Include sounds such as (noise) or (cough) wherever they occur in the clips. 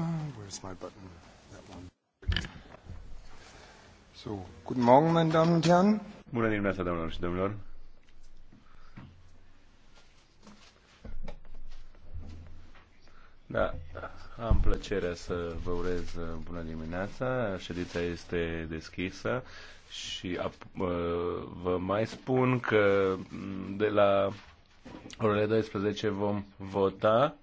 Ah, where's my button? That one. So, guten Morgen, meine Damen und Herren. Bună dimineața, domnilor și domnilor. Da, am plăcerea să vă urez uh, bună dimineața. Ședința este deschisă și uh, vă mai spun că mm, de la orele 12 vom vota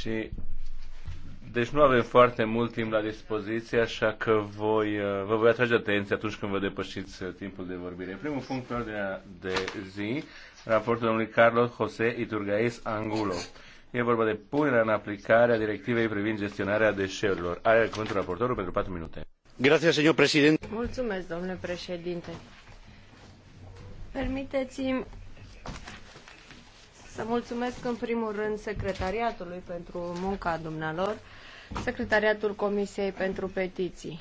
Și deci nu avem foarte mult timp la dispoziție, așa că voi, uh, vă voi atrage atenția atunci când vă depășiți uh, timpul de vorbire. Primul punct pe ordinea de zi, raportul domnului Carlos José Iturgaiz Angulo. E vorba de punerea în aplicare a directivei privind gestionarea deșeurilor. Are cuvântul raportorul pentru 4 minute. Grazie, señor presidente. Mulțumesc, domnule președinte. Permiteți-mi să mulțumesc în primul rând secretariatului pentru munca dumnealor, secretariatul Comisiei pentru Petiții.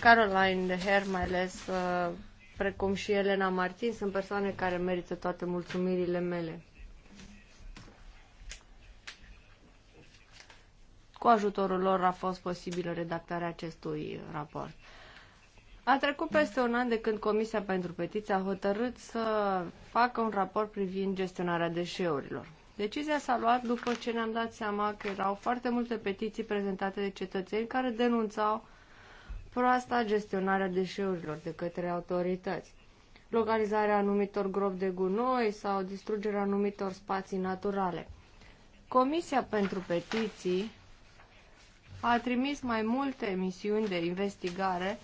Caroline de Her, mai ales, uh, precum și Elena Martin, sunt persoane care merită toate mulțumirile mele. Cu ajutorul lor a fost posibilă redactarea acestui raport. A trecut peste un an de când Comisia pentru Petiții a hotărât să facă un raport privind gestionarea deșeurilor. Decizia s-a luat după ce ne-am dat seama că erau foarte multe petiții prezentate de cetățeni care denunțau proasta gestionarea deșeurilor de către autorități, localizarea anumitor gropi de gunoi sau distrugerea anumitor spații naturale. Comisia pentru Petiții a trimis mai multe misiuni de investigare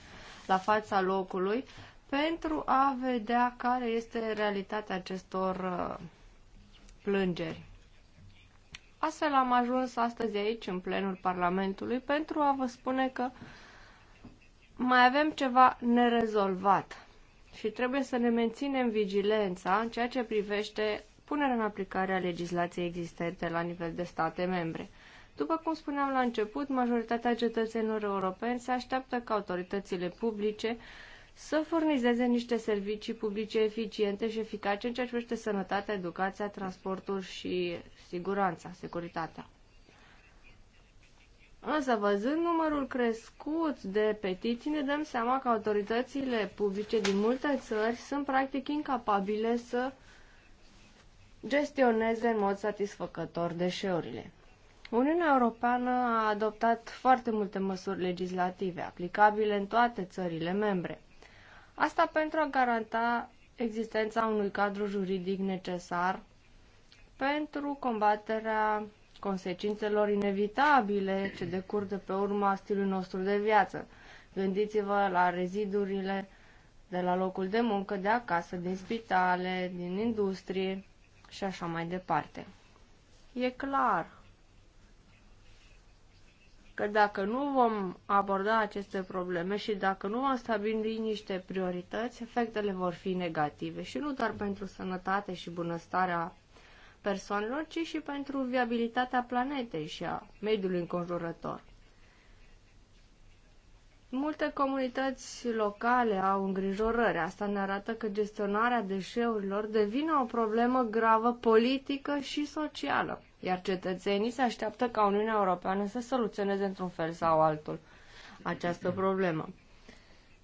la fața locului pentru a vedea care este realitatea acestor uh, plângeri. Astfel am ajuns astăzi aici, în plenul Parlamentului, pentru a vă spune că mai avem ceva nerezolvat și trebuie să ne menținem vigilența în ceea ce privește punerea în aplicare a legislației existente la nivel de state membre. După cum spuneam la început, majoritatea cetățenilor europeni se așteaptă ca autoritățile publice să furnizeze niște servicii publice eficiente și eficace în ceea ce privește sănătatea, educația, transportul și siguranța, securitatea. Însă, văzând numărul crescut de petiții, ne dăm seama că autoritățile publice din multe țări sunt practic incapabile să gestioneze în mod satisfăcător deșeurile. Uniunea Europeană a adoptat foarte multe măsuri legislative aplicabile în toate țările membre. Asta pentru a garanta existența unui cadru juridic necesar pentru combaterea consecințelor inevitabile ce decurg de pe urma stilului nostru de viață. Gândiți-vă la rezidurile de la locul de muncă, de acasă, din spitale, din industrie și așa mai departe. E clar că dacă nu vom aborda aceste probleme și dacă nu vom stabili niște priorități, efectele vor fi negative și nu doar pentru sănătate și bunăstarea persoanelor, ci și pentru viabilitatea planetei și a mediului înconjurător. Multe comunități locale au îngrijorări. Asta ne arată că gestionarea deșeurilor devine o problemă gravă politică și socială iar cetățenii se așteaptă ca Uniunea Europeană să soluționeze într-un fel sau altul această problemă.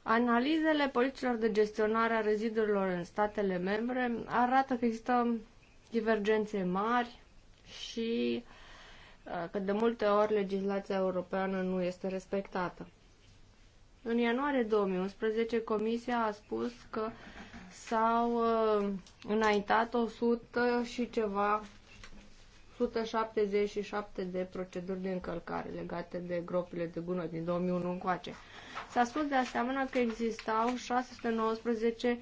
Analizele politicilor de gestionare a rezidurilor în statele membre arată că există divergențe mari și uh, că de multe ori legislația europeană nu este respectată. În ianuarie 2011, Comisia a spus că s-au uh, înaintat 100 și ceva 177 de proceduri de încălcare legate de gropile de gunoi din 2001 încoace. S-a spus de asemenea că existau 619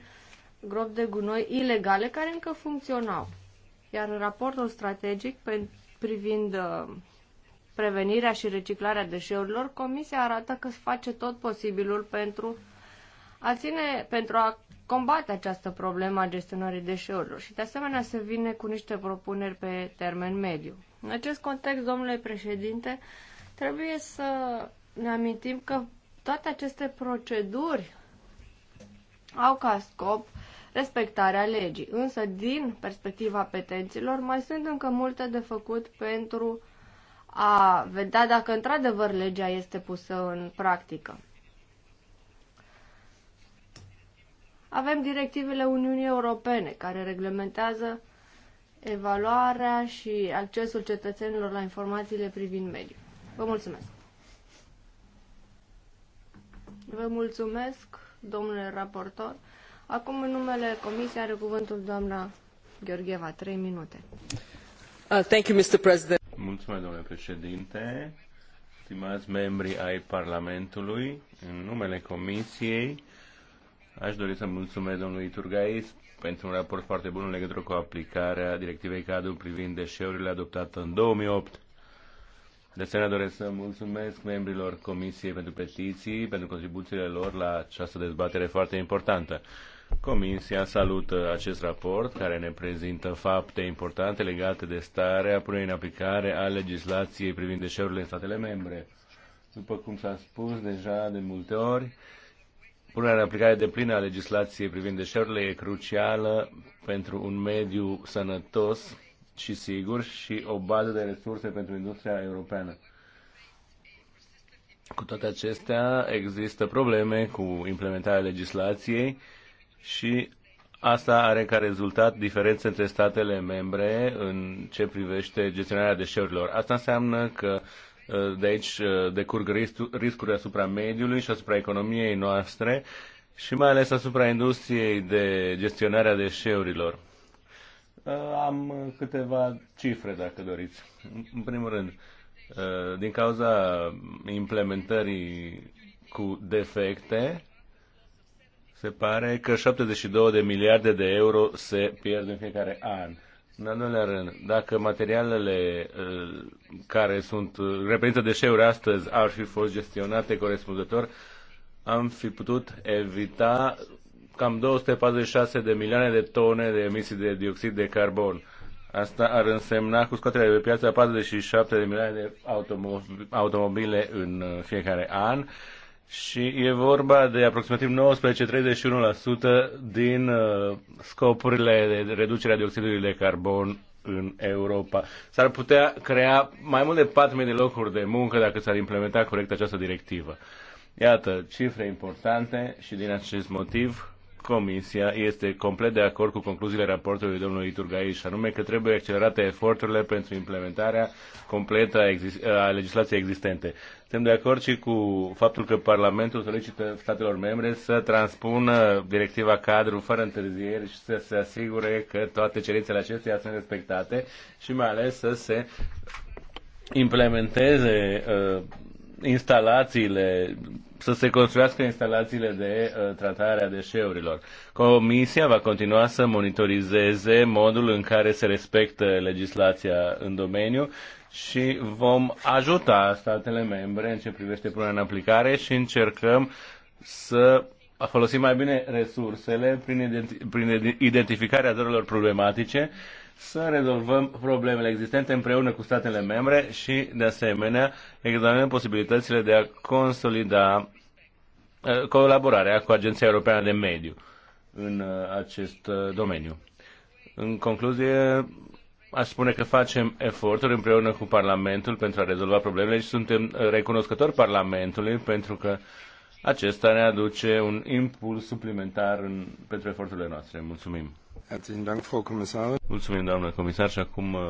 gropi de gunoi ilegale care încă funcționau. Iar în raportul strategic privind uh, prevenirea și reciclarea deșeurilor, Comisia arată că se face tot posibilul pentru a ține, pentru a combate această problemă a gestionării deșeurilor și de asemenea se vine cu niște propuneri pe termen mediu. În acest context, domnule președinte, trebuie să ne amintim că toate aceste proceduri au ca scop respectarea legii, însă din perspectiva petenților mai sunt încă multe de făcut pentru a vedea dacă într-adevăr legea este pusă în practică. Avem directivele Uniunii Europene care reglementează evaluarea și accesul cetățenilor la informațiile privind mediul. Vă mulțumesc! Vă mulțumesc, domnule raportor. Acum, în numele Comisiei, are cuvântul doamna Gheorgheva. Trei minute. Uh, thank you, Mr. President. Mulțumesc, domnule președinte. Stimați membri ai Parlamentului, în numele Comisiei, Aș dori să mulțumesc domnului Turgais pentru un raport foarte bun în legătură cu aplicarea directivei cadru privind deșeurile adoptată în 2008. De asemenea, doresc să mulțumesc membrilor Comisiei pentru Petiții pentru contribuțiile lor la această dezbatere foarte importantă. Comisia salută acest raport care ne prezintă fapte importante legate de starea punerii în aplicare a legislației privind deșeurile în statele membre. După cum s-a spus deja de multe ori, Punerea în aplicare de plină a legislației privind deșeurile e crucială pentru un mediu sănătos și sigur și o bază de resurse pentru industria europeană. Cu toate acestea, există probleme cu implementarea legislației și asta are ca rezultat diferențe între statele membre în ce privește gestionarea deșeurilor. Asta înseamnă că uh, Eh, de aici eh, decurg riscuri asupra mediului și asupra economiei noastre și mai ales asupra industriei de gestionare a deșeurilor. Eh, am câteva cifre, dacă doriți. În primul rând, din cauza implementării cu defecte, se pare că 72 de miliarde de euro se pierd în fiecare an. În al doilea rând, dacă materialele uh, care sunt uh, reprezintă deșeuri astăzi ar fi fost gestionate corespunzător, am fi putut evita cam 246 de milioane de tone de emisii de dioxid de carbon. Asta ar însemna cu scoaterea de piață 47 de milioane de automobile în uh, fiecare an și e vorba de aproximativ 19-31% din uh, scopurile de reducerea dioxidului de carbon în Europa. S-ar putea crea mai mult de 4.000 de locuri de muncă dacă s-ar implementa corect această directivă. Iată, cifre importante și din acest motiv Comisia este complet de acord cu concluziile raportului domnului Turgaiș, și anume că trebuie accelerate eforturile pentru implementarea completă a, exist- a legislației existente. Suntem de acord și cu faptul că Parlamentul solicită statelor membre să transpună directiva cadru fără întârzieri și să se asigure că toate cerințele acesteia sunt respectate și mai ales să se implementeze uh, instalațiile, să se construiască instalațiile de uh, tratare a deșeurilor. Comisia va continua să monitorizeze modul în care se respectă legislația în domeniu și vom ajuta statele membre în ce privește punerea în aplicare și încercăm să folosim mai bine resursele prin, identi- prin identificarea zonelor problematice uh, să rezolvăm problemele existente împreună cu statele membre și, de asemenea, examinăm posibilitățile de a consolida uh, colaborarea cu Agenția Europeană de Mediu în uh, acest uh, domeniu. În concluzie, aș spune că facem eforturi împreună cu Parlamentul pentru a rezolva problemele și suntem recunoscători Parlamentului pentru că acesta ne aduce un impuls suplimentar în, pentru eforturile noastre. Mulțumim! Mulțumim, doamnă comisar, și acum uh,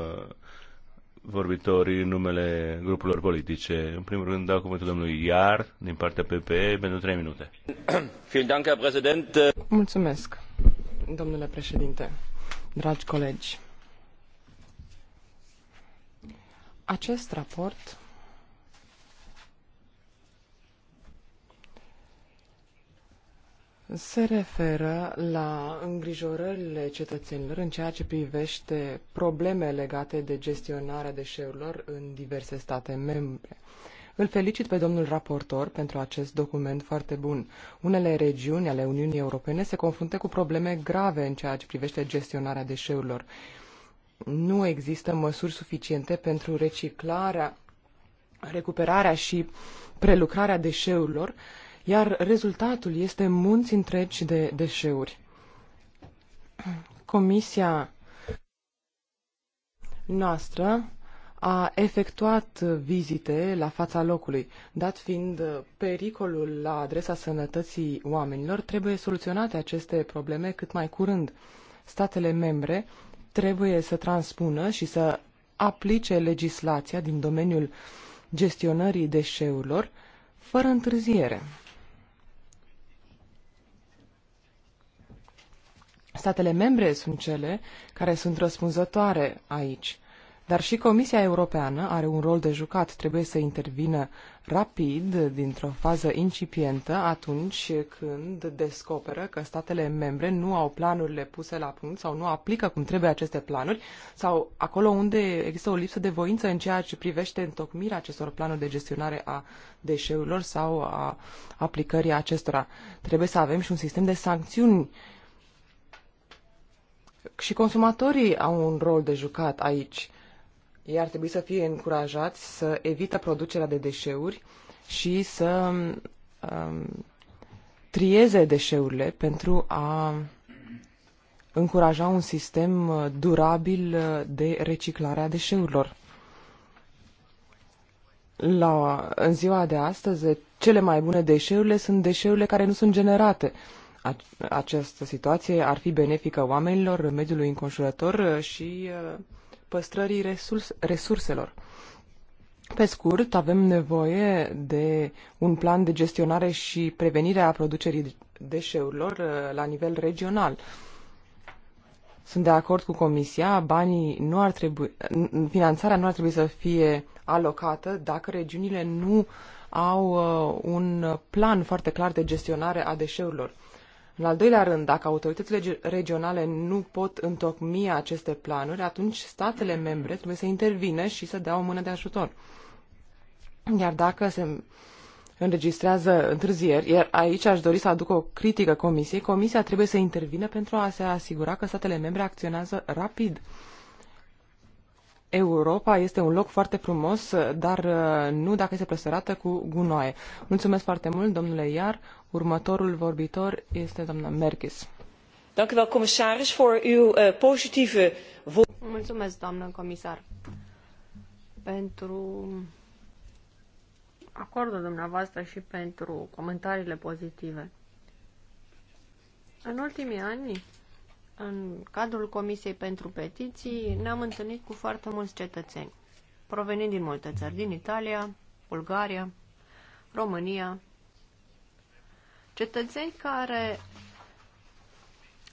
vorbitorii în numele grupurilor politice. În primul rând dau cuvântul domnului Iar din partea PPE pentru 3 minute. (clears throat) Mulțumesc, domnule președinte, dragi colegi. Acest raport se referă la îngrijorările cetățenilor în ceea ce privește probleme legate de gestionarea deșeurilor în diverse state membre. Îl felicit pe domnul raportor pentru acest document foarte bun. Unele regiuni ale Uniunii Europene se confruntă cu probleme grave în ceea ce privește gestionarea deșeurilor. Nu există măsuri suficiente pentru reciclarea, recuperarea și prelucrarea deșeurilor, iar rezultatul este munți întregi de deșeuri. Comisia noastră a efectuat vizite la fața locului. Dat fiind pericolul la adresa sănătății oamenilor, trebuie soluționate aceste probleme cât mai curând. Statele membre trebuie să transpună și să aplice legislația din domeniul gestionării deșeurilor fără întârziere. Statele membre sunt cele care sunt răspunzătoare aici. Dar și Comisia Europeană are un rol de jucat. Trebuie să intervină rapid, dintr-o fază incipientă, atunci când descoperă că statele membre nu au planurile puse la punct sau nu aplică cum trebuie aceste planuri sau acolo unde există o lipsă de voință în ceea ce privește întocmirea acestor planuri de gestionare a deșeurilor sau a aplicării acestora. Trebuie să avem și un sistem de sancțiuni și consumatorii au un rol de jucat aici. Ei ar trebui să fie încurajați să evită producerea de deșeuri și să um, trieze deșeurile pentru a încuraja un sistem uh, durabil uh, de reciclare a deșeurilor. La, în ziua de astăzi, cele mai bune deșeurile sunt deșeurile care nu sunt generate această situație ar fi benefică oamenilor, mediului înconjurător și uh, păstrării resurs- resurselor. Pe scurt, avem nevoie de un plan de gestionare și prevenire a producerii deșeurilor uh, la nivel regional. Sunt de acord cu Comisia, banii nu ar trebui, finanțarea nu ar trebui să fie alocată dacă regiunile nu au uh, un plan foarte clar de gestionare a deșeurilor. În al doilea rând, dacă autoritățile regionale nu pot întocmi aceste planuri, atunci statele membre trebuie să intervină și să dea o mână de ajutor. Iar dacă se înregistrează întârzieri, iar aici aș dori să aduc o critică comisiei, comisia trebuie să intervină pentru a se asigura că statele membre acționează rapid Europa este un loc foarte frumos, dar uh, nu dacă este plăsărată cu gunoaie. Mulțumesc foarte mult, domnule Iar. Următorul vorbitor este doamna Merkis. Dank u wel, commissaris, voor uw uh, positieve... Mulțumesc, doamnă comisar, pentru acordul dumneavoastră și pentru comentariile pozitive. În ultimii ani, în cadrul Comisiei pentru Petiții ne-am întâlnit cu foarte mulți cetățeni, provenind din multe țări, din Italia, Bulgaria, România, cetățeni care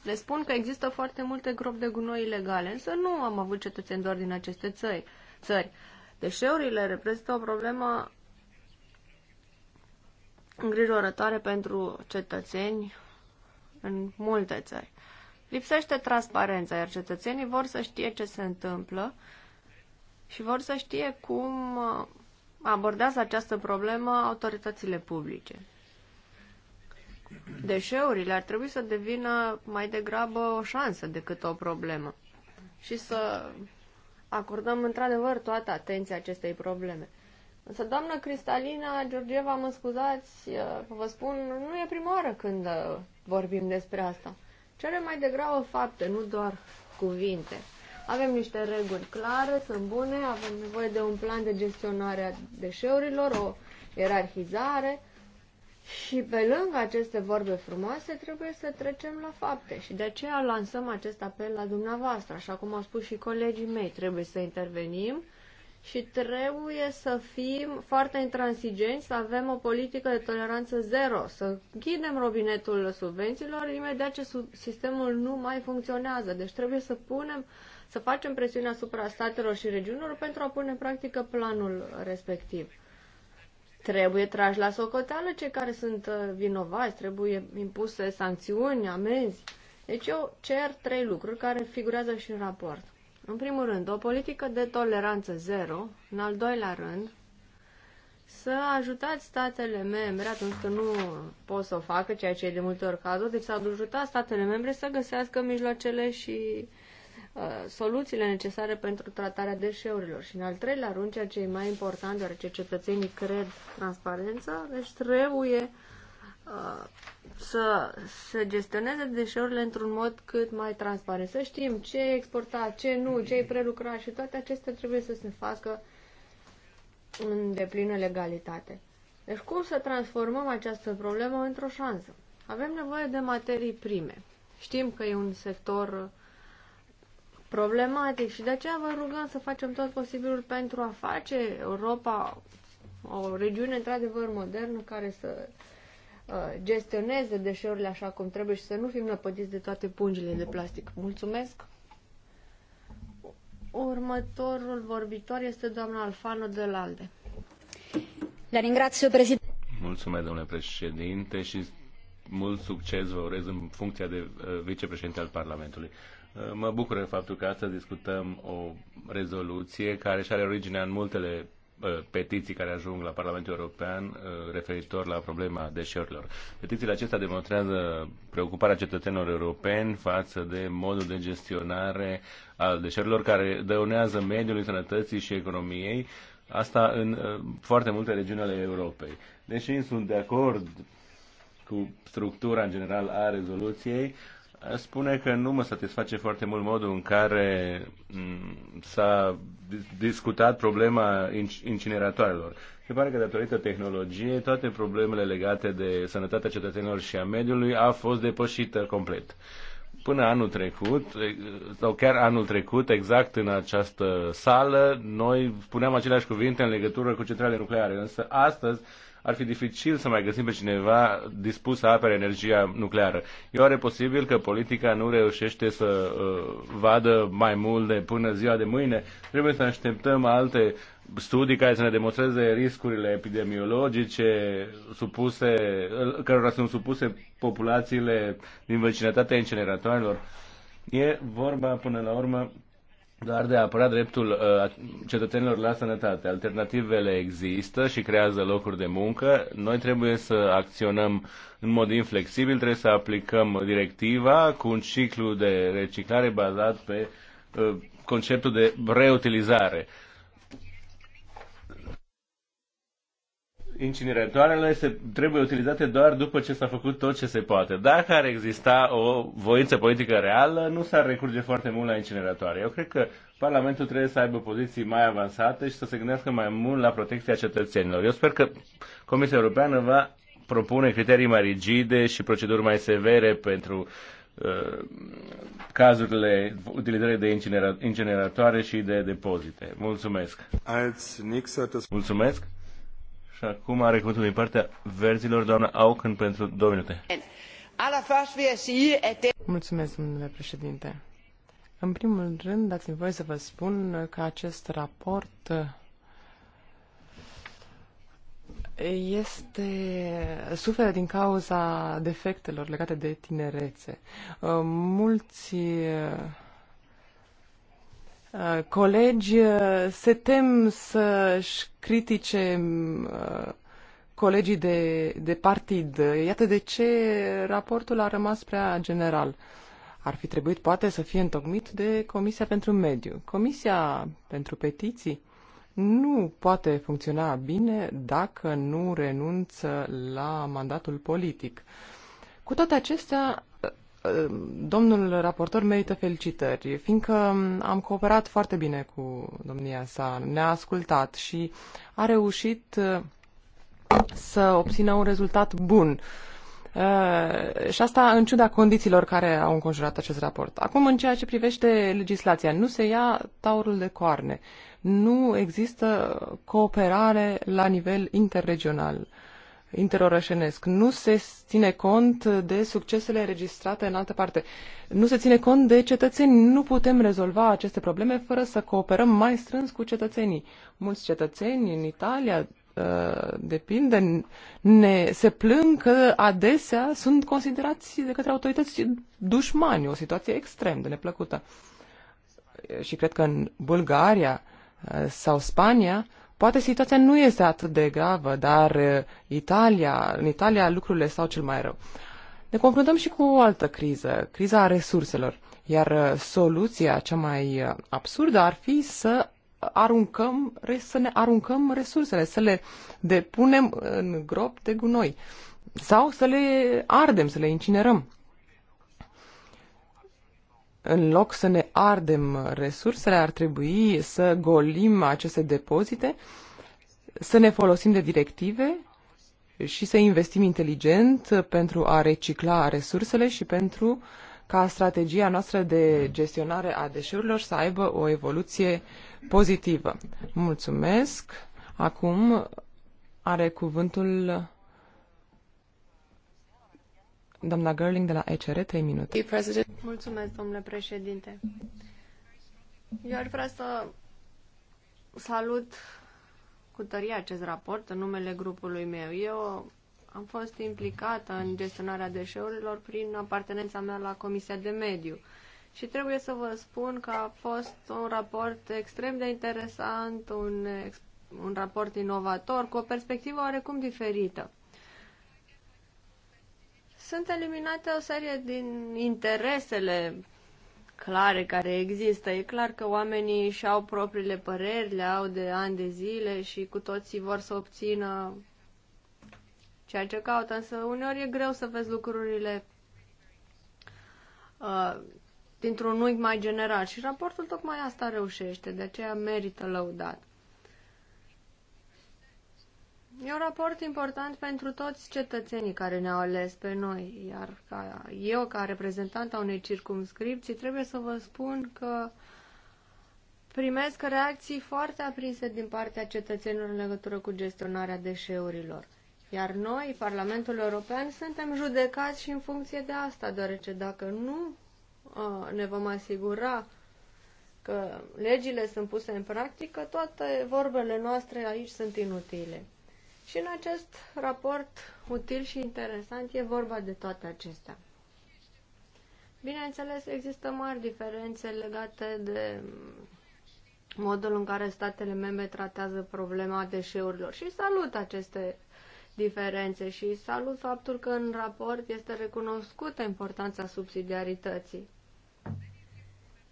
le spun că există foarte multe gropi de gunoi ilegale, însă nu am avut cetățeni doar din aceste țări. țări. Deșeurile reprezintă o problemă îngrijorătoare pentru cetățeni în multe țări. Lipsește transparența, iar cetățenii vor să știe ce se întâmplă și vor să știe cum uh, abordează această problemă autoritățile publice. Deșeurile ar trebui să devină mai degrabă o șansă decât o problemă și să acordăm într-adevăr toată atenția acestei probleme. Însă, doamnă Cristalina Georgieva, mă scuzați, uh, vă spun, nu e prima oară când uh, vorbim despre asta cere mai degrabă fapte, nu doar cuvinte. Avem niște reguli clare, sunt bune, avem nevoie de un plan de gestionare a deșeurilor, o ierarhizare și pe lângă aceste vorbe frumoase trebuie să trecem la fapte și de aceea lansăm acest apel la dumneavoastră, așa cum au spus și colegii mei, trebuie să intervenim și trebuie să fim foarte intransigenți, să avem o politică de toleranță zero, să închidem robinetul subvențiilor imediat ce sistemul nu mai funcționează. Deci trebuie să punem, să facem presiune asupra statelor și regiunilor pentru a pune în practică planul respectiv. Trebuie trași la socoteală cei care sunt uh, vinovați, trebuie impuse sancțiuni, amenzi. Deci eu cer trei lucruri care figurează și în raport. În primul rând, o politică de toleranță zero, în al doilea rând, să ajutați statele membre atunci când nu pot să o facă, ceea ce e de multe ori cazul, deci să ajutați statele membre să găsească mijloacele și uh, soluțiile necesare pentru tratarea deșeurilor. Și în al treilea rând, ceea ce e mai important, deoarece cetățenii cred transparența, deci trebuie uh, să se gestioneze deșeurile într-un mod cât mai transparent. Să știm ce e exportat, ce nu, ce e prelucrat și toate acestea trebuie să se facă în deplină legalitate. Deci cum să transformăm această problemă într-o șansă? Avem nevoie de materii prime. Știm că e un sector problematic și de aceea vă rugăm să facem tot posibilul pentru a face Europa o regiune într-adevăr modernă care să Uh, gestioneze deșeurile așa cum trebuie și să nu fim năpădiți de toate pungile de plastic. Mulțumesc! Următorul vorbitor este doamna Alfano de Lalde. La ringrazio, președinte. Mulțumesc, domnule președinte, și mult succes vă urez în funcția de uh, vicepreședinte al Parlamentului. Uh, mă bucură faptul că astăzi discutăm o rezoluție care și are originea în multele Uh, petiții care ajung la Parlamentul European uh, referitor la problema deșeurilor. Petițiile acestea demonstrează preocuparea cetățenilor europeni față de modul de gestionare al deșeurilor care dăunează mediului, sănătății și economiei, asta în uh, foarte multe regiuni ale Europei. Deși sunt de acord cu structura în general a rezoluției, spune că nu mă satisface foarte mult modul în care s-a discutat problema incineratoarelor. Se pare că datorită tehnologiei, toate problemele legate de sănătatea cetățenilor și a mediului a fost depășită complet. Până anul trecut, sau chiar anul trecut, exact în această sală, noi spuneam aceleași cuvinte în legătură cu centrale nucleare, însă astăzi ar fi dificil să mai găsim pe cineva dispus să apere energia nucleară. E oare posibil că politica nu reușește să uh, vadă mai mult de până ziua de mâine? Trebuie să așteptăm alte studii care să ne demonstreze riscurile epidemiologice supuse, uh, cărora sunt supuse populațiile din vecinătatea incineratoarelor. E vorba, până la urmă, doar de a apăra dreptul uh, cetățenilor la sănătate. Alternativele există și creează locuri de muncă. Noi trebuie să acționăm în mod inflexibil, trebuie să aplicăm directiva cu un ciclu de reciclare bazat pe uh, conceptul de reutilizare. Uh, incineratoarele se, trebuie utilizate doar după ce s-a făcut tot ce se poate. Dacă ar exista o voință politică reală, nu s-ar recurge foarte mult la incineratoare. Eu cred că Parlamentul trebuie să aibă poziții mai avansate și să se gândească mai mult la protecția cetățenilor. Eu sper că Comisia Europeană va propune criterii mai rigide și proceduri mai severe pentru uh, cazurile utilizării de incinera- incineratoare și de depozite. Mulțumesc! Mulțumesc! Și acum are cuvântul din partea verzilor doamna Aucan pentru două minute. Mulțumesc, domnule președinte. În primul rând, dați-mi voie să vă spun că acest raport eh, este, suferă din cauza defectelor legate de tinerețe. Eh, mulți eh, Uh, colegi uh, se tem să-și critique uh, colegii de, de partid. Iată de ce raportul a rămas prea general. Ar fi trebuit poate să fie întocmit de Comisia pentru Mediu. Comisia pentru Petiții nu poate funcționa bine dacă nu renunță la mandatul politic. Cu toate acestea, domnul raportor merită felicitări, fiindcă am cooperat foarte bine cu domnia sa, ne-a ascultat și a reușit uh, să obțină un rezultat bun. Uh, și asta în ciuda condițiilor care au înconjurat acest raport. Acum, în ceea ce privește legislația, nu se ia taurul de coarne. Nu există cooperare la nivel interregional interorășenesc. Nu se ține cont de succesele registrate în altă parte. Nu se ține cont de cetățeni. Nu putem rezolva aceste probleme fără să cooperăm mai strâns cu cetățenii. Mulți cetățeni în Italia, uh, depinde, ne, se plâng că adesea sunt considerați de către autorități dușmani, o situație extrem de neplăcută. Și cred că în Bulgaria uh, sau Spania Poate situația nu este atât de gravă, dar uh, Italia, în Italia lucrurile stau cel mai rău. Ne confruntăm și cu o altă criză, criza a resurselor, iar uh, soluția cea mai uh, absurdă ar fi să aruncăm, să ne aruncăm resursele, să le depunem în grop de gunoi sau să le ardem, să le incinerăm în loc să ne ardem resursele, ar trebui să golim aceste depozite, să ne folosim de directive și să investim inteligent pentru a recicla resursele și pentru ca strategia noastră de gestionare a deșeurilor să aibă o evoluție pozitivă. Mulțumesc. Acum are cuvântul Doamna Gerling de la ECR, 3 minute. Mulțumesc, domnule președinte. Eu ar vrea să salut cu tărie acest raport în numele grupului meu. Eu am fost implicată în gestionarea deșeurilor prin apartenența mea la Comisia de Mediu. Și trebuie să vă spun că a fost un raport extrem de interesant, un, un raport inovator, cu o perspectivă oarecum diferită sunt eliminate o serie din interesele clare care există. E clar că oamenii și au propriile păreri, le au de ani de zile și cu toții vor să obțină ceea ce caută, însă uneori e greu să vezi lucrurile uh, dintr-un unghi mai general și raportul tocmai asta reușește, de aceea merită lăudat. E un raport important pentru toți cetățenii care ne-au ales pe noi, iar ca eu, ca reprezentant a unei circumscripții, trebuie să vă spun că primesc reacții foarte aprinse din partea cetățenilor în legătură cu gestionarea deșeurilor. Iar noi, Parlamentul European, suntem judecați și în funcție de asta, deoarece dacă nu ne vom asigura că legile sunt puse în practică, toate vorbele noastre aici sunt inutile. Și în acest raport util și interesant e vorba de toate acestea. Bineînțeles, există mari diferențe legate de modul în care statele membre tratează problema deșeurilor și salut aceste diferențe și salut faptul că în raport este recunoscută importanța subsidiarității.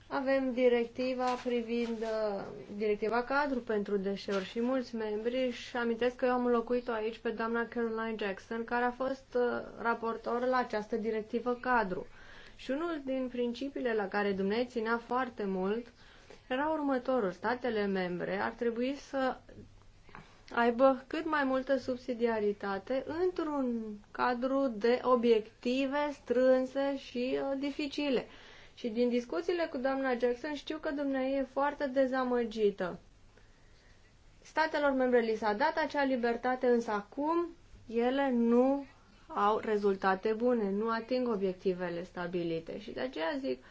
Avem directiva privind uh, directiva cadru pentru deșeuri și mulți membri și amintesc că eu am locuit-o aici pe doamna Caroline Jackson, care a fost uh, raportor la această directivă cadru. Și unul din principiile la care Dumnezeu ținea foarte mult era următorul. Statele membre ar trebui să aibă cât mai multă subsidiaritate într-un cadru de obiective strânse și uh, dificile. Și din discuțiile cu doamna Jackson știu că dumneavoastră e foarte dezamăgită. Statelor membre li s-a dat acea libertate, însă acum ele nu au rezultate bune, nu ating obiectivele stabilite. Și de aceea zic,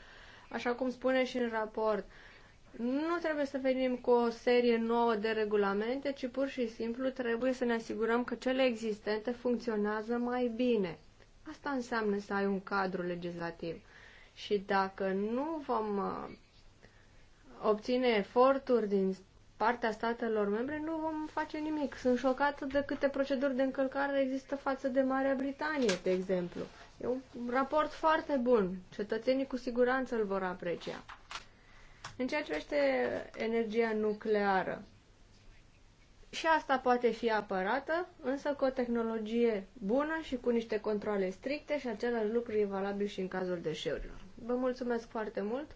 așa cum spune și în raport, nu trebuie să venim cu o serie nouă de regulamente, ci pur și simplu trebuie să ne asigurăm că cele existente funcționează mai bine. Asta înseamnă să ai un cadru legislativ. Și dacă nu vom uh, obține eforturi din partea statelor membre, nu vom face nimic. Sunt șocată de câte proceduri de încălcare există față de Marea Britanie, de exemplu. E un raport foarte bun. Cetățenii cu siguranță îl vor aprecia. În ceea ce privește energia nucleară, și asta poate fi apărată, însă cu o tehnologie bună și cu niște controle stricte și același lucru e valabil și în cazul deșeurilor. Vă mulțumesc foarte mult.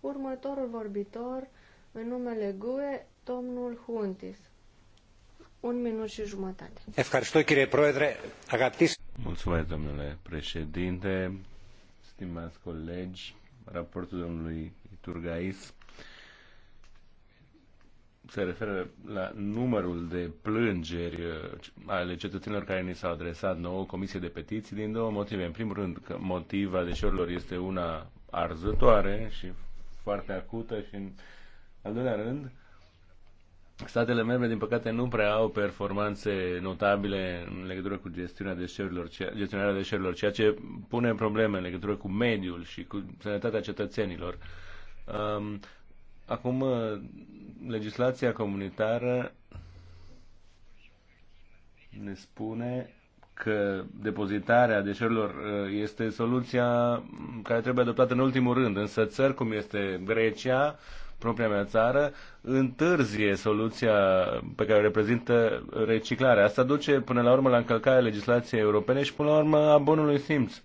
Următorul vorbitor, în numele GUE, domnul Huntis. Un minut și jumătate. Mulțumesc, domnule președinte, stimați colegi, raportul domnului Turgais se referă la numărul de plângeri uh, ale cetățenilor care ni s-au adresat nouă comisie de petiții din două motive. În primul rând că motiva deșeurilor este una arzătoare și foarte acută și în al doilea rând statele membre din păcate nu prea au performanțe notabile în legătură cu gestiunea deșeurilor, gestionarea deșeurilor, ceea ce pune probleme în legătură cu mediul și cu sănătatea cetățenilor. Um, Acum, uh, legislația comunitară ne spune că depozitarea deșeurilor uh, este soluția care trebuie adoptată în ultimul rând, însă țări cum este Grecia, propria mea țară, întârzie soluția pe care o reprezintă reciclarea. Asta duce până la urmă la încălcarea legislației europene și până la urmă a bunului simț.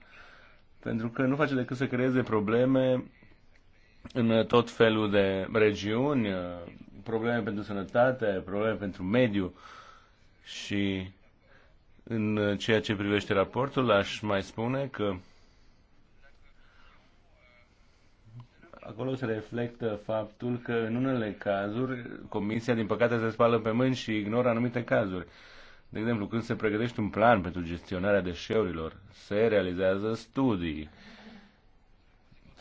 Pentru că nu face decât să creeze probleme în uh, tot felul de regiuni, uh, probleme pentru sănătate, probleme pentru mediu și în uh, ceea ce privește raportul aș mai spune că acolo se reflectă faptul că în unele cazuri comisia din păcate se spală pe mâini și ignoră anumite cazuri. De exemplu, când se pregătește un plan pentru gestionarea deșeurilor, se realizează studii,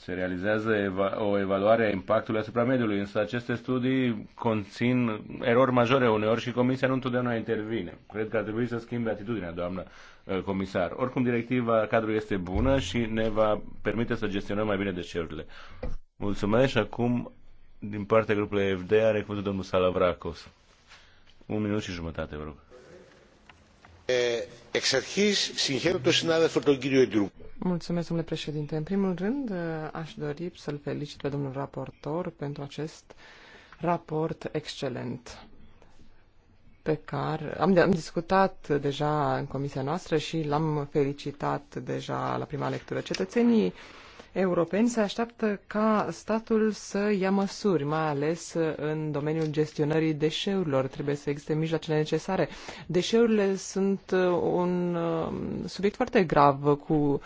se realizează eva- o evaluare a impactului asupra mediului, însă aceste studii conțin erori majore uneori și Comisia nu întotdeauna intervine. Cred că ar trebui să schimbe atitudinea, doamnă uh, comisar. Oricum, directiva cadrului este bună și ne va permite să gestionăm mai bine deșeurile. Mulțumesc și acum, din partea grupului FD, are cuvântul domnul Salavracos. Un minut și jumătate, vă rog. Εξ αρχής συγχαίρω τον συνάδελφο τον κύριο Εντρού. Mulțumesc, domnule președinte. În primul rând, uh, aș dori să-l felicit pe domnul raportor pentru acest raport excelent pe care am, am discutat deja în comisia noastră și l-am felicitat deja la prima lectură. Cetățenii uh, europeni se așteaptă ca statul să ia măsuri, mai ales în domeniul gestionării deșeurilor. Trebuie să existe mijloacele necesare. Deșeurile sunt uh, un uh, subiect foarte grav cu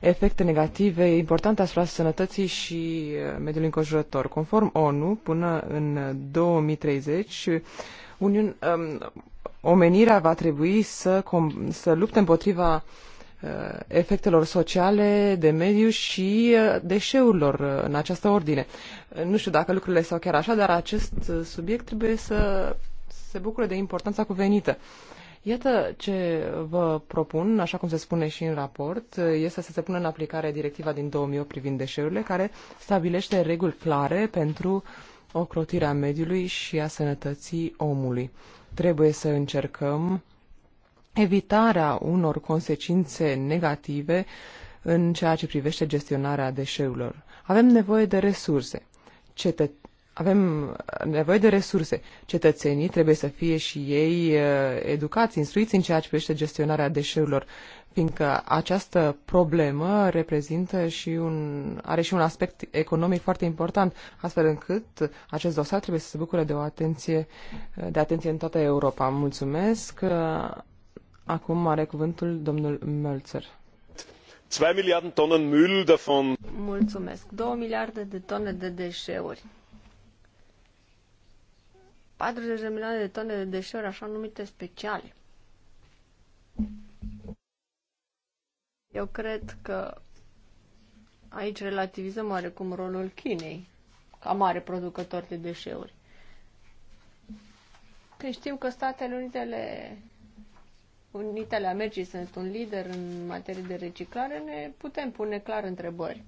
efecte negative importante asupra sănătății și uh, mediului înconjurător. Conform ONU, până în 2030, Uniun, um, omenirea va trebui să, să lupte împotriva uh, Uh, efectelor sociale, de mediu și uh, deșeurilor uh, în această ordine. Nu știu dacă lucrurile s-au chiar așa, dar acest subiect trebuie să se bucure de importanța cuvenită. Iată ce vă propun, așa cum se spune și în raport, este să se pună în aplicare directiva din 2008 privind deșeurile, care stabilește reguli clare pentru ocrotirea mediului și a sănătății omului. Trebuie să încercăm evitarea unor consecințe negative în ceea ce privește gestionarea deșeurilor. Avem nevoie de resurse. Cetă- avem nevoie de resurse. Cetățenii trebuie să fie și ei uh, educați, instruiți în ceea ce privește gestionarea deșeurilor, fiindcă această problemă reprezintă și un, are și un aspect economic foarte important, astfel încât acest dosar trebuie să se bucure de o atenție, de atenție în toată Europa. Mulțumesc! Acum are cuvântul domnul Mölzer. 2 miliarde de tone de deșeuri. Patruzeci de milioane de tone de deșeuri așa numite speciale. Eu cred că aici relativizăm oarecum rolul Chinei, ca mare producător de deșeuri. Când știm că Statele Unite le Unitele Americii sunt un lider în materie de reciclare, ne putem pune clar întrebări.